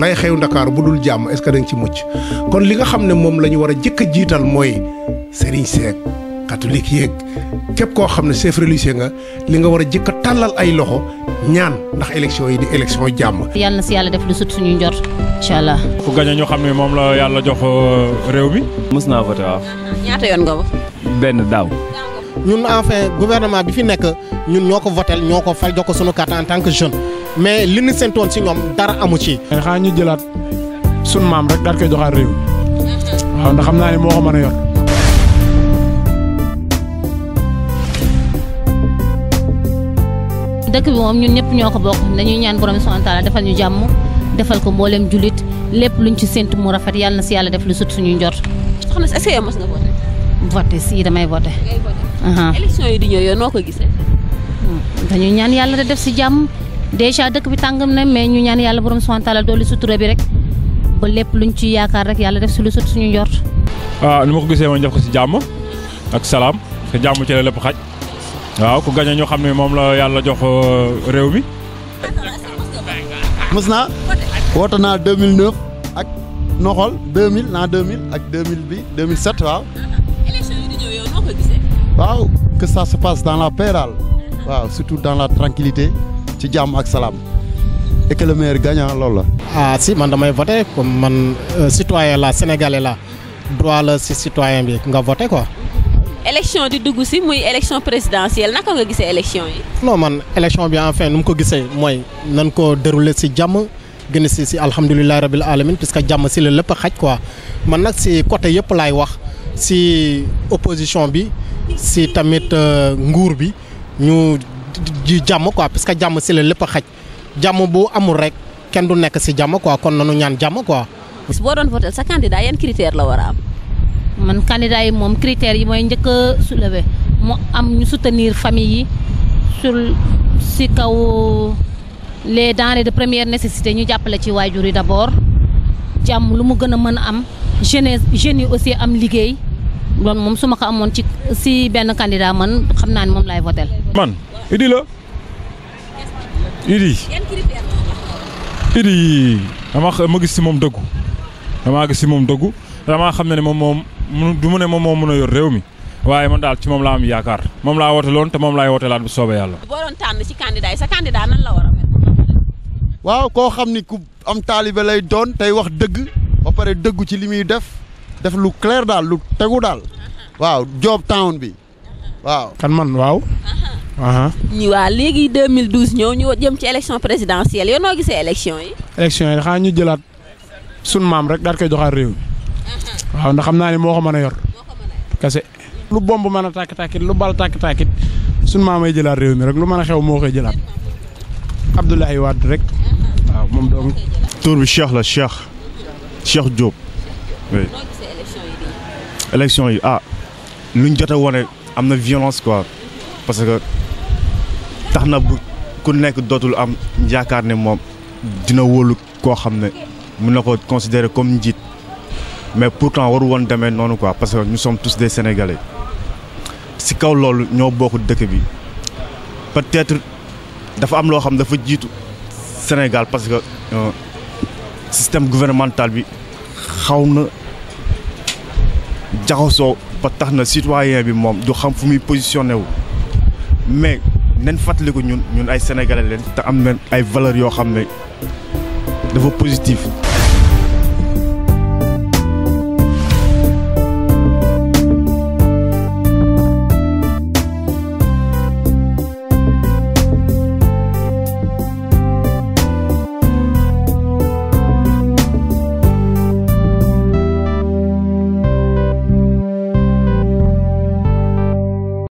lay xew ndakaaru bu dul jàmm est-ce que dañ ci mucc kon li nga xam ne moom la ñu war a jëkk jiital mooy sëriñ seeg catholique yeeg képp koo xam ne chef religieux nga li nga war a jëkk a tàllal ay loxo ñaan ndax élection yi di élection jàmm. yàlla na si yàlla def lu sut suñu njort incha allah. ku gañe ñu xam ne moom la yàlla jox euh, réew mi. mës naa voté waaw. ñaata yoon nga ko. benn daaw. ñun enfin gouvernement bi fi nekk ñun ñoo ko voté ñoo ko fal jox ko sunu carte en tant que jeune. mais li ñu séntoon si ñoom dara amu ci. mais xanaa ñu jëlaat sunu maam rek daal koy joxaat réew waaw ndax xam naa ne moo ko mën a yor. dëkk bi moom ñëpp ñoo ko bokk dañuy ñaan borom subhaanahu ñu jàmm defal ko mbooleem jullit lépp luñ ci séntu mu rafet yàlla si yàlla def lu sut suñuy njort. soxna si est-ce que yow si damay voté. noo ko gisee. Hmm. de def si jàmm. dèjà dëkk bi tàngam na ñu ñaan yàlla borom subhaanahu wa taala doolu sutura bi rek ba lépp luñ ci yaakaar rek yàlla def si lu sut suñu njort. waaw ah, ni ma ko gisee ma def ko si jàmm ak salaam sa jàmm ci la lépp xaj waaw ku gañe ñoo xam ne moom la yàlla jox euh, réew mi. mës naa woote naa 2009 ak noxol 2000 naa 2000 ak 2000 bi 2007 waaw. élection yi di ñëw yow noo ko gisee. waaw que ça se passe dans la paix waaw surtout dans la tranquillité ci jam ak salam et que le meilleur gagnant loolu la. ah si man damay voter comme man euh, citoyen la sénégalais la droit la ci citoyen bi nga voté quoi. élection di dougou si muy élection présidentielle naka nga gisee élection yi. non man élection bi enfin num ko gisee moy nan ko déroulé si jam gën ci si alhamdoulillah rabil alamin puisque jàmm si la le a xaj quoi man nak ci côté yépp lay wax si opposition bi si tamit euh, nguur bi ñu. jàmm quoi parce que jàmm si la lépp a xaj jàmm bu amul rek kenn du nekk si jàmm quoi kon nanu ñaan jàmm quoi. boo doon voté sa candidat yan critère la war a am. man candidat yi moom critères yi mooy njëkk a soulevé mu am ñu soutenir famille yi sur si kaw les denrées de première nécessité ñu jàppale ci waajur yi d'abord jàmm lu mu gën a mën a am jeunesse jeunes yi aussi am liggéey. lool mom suma ko amone ci si ben candidat man xamna ni mom lay voter man idi la idi idi dama ma gis ci mom deggu dama gis ci mom deggu dama xam ne ne mom moom du mu ne mom moo meuna yor réew mi waaye man dal ci mom la am yakar mom la wote lon te mom lay wote lat bu soobee yalla bo don tan ci candidat sa candidat nan la wara mel. waaw ko xamni ku am talibé lay don, tay wax deug ba paré deug ci limi def def lu clair daal lu tegu daal waaw job town bi waaw. kan man waaw. ñu waa léegi 2012 ñëw ñu jëm ci élection présidentielle yow noo gisee élection yi. élection yi xanaa ñu jëlaat sun maam rek daal koy joxaat réew waaw ndax xam naa ne moo ko mën a yor. kese lu bomb mën a tàkk tàkkit lu bal tàkk tàkkit sun maam ay jëlaat réew mi rek lu mën a xew moo koy jëlaat Abdoulaye Wade rek waaw moom dong. tur bi Cheikh la Cheikh Cheikh Diop. élection yi ah luñ jot a wane am na violence quoi parce que taxna bu ku nek dotul am yaakaar ne moom dina wóolu ko xamné ne mun ko considérer comme njiit mais pourtant waru won demee nonu quoi parce que nous sommes tous des sénégalais si kaw loolu ño bokku dëkk bi peut-être dafa am lo xam dafa jitu Sénégal parce que euh, système gouvernemental bi xawna je ba tax citoyen bi mom du xam fu positionné wu mais nañ fàttaliku ñun ñun ay sénégalais lén té am ay valeurs yo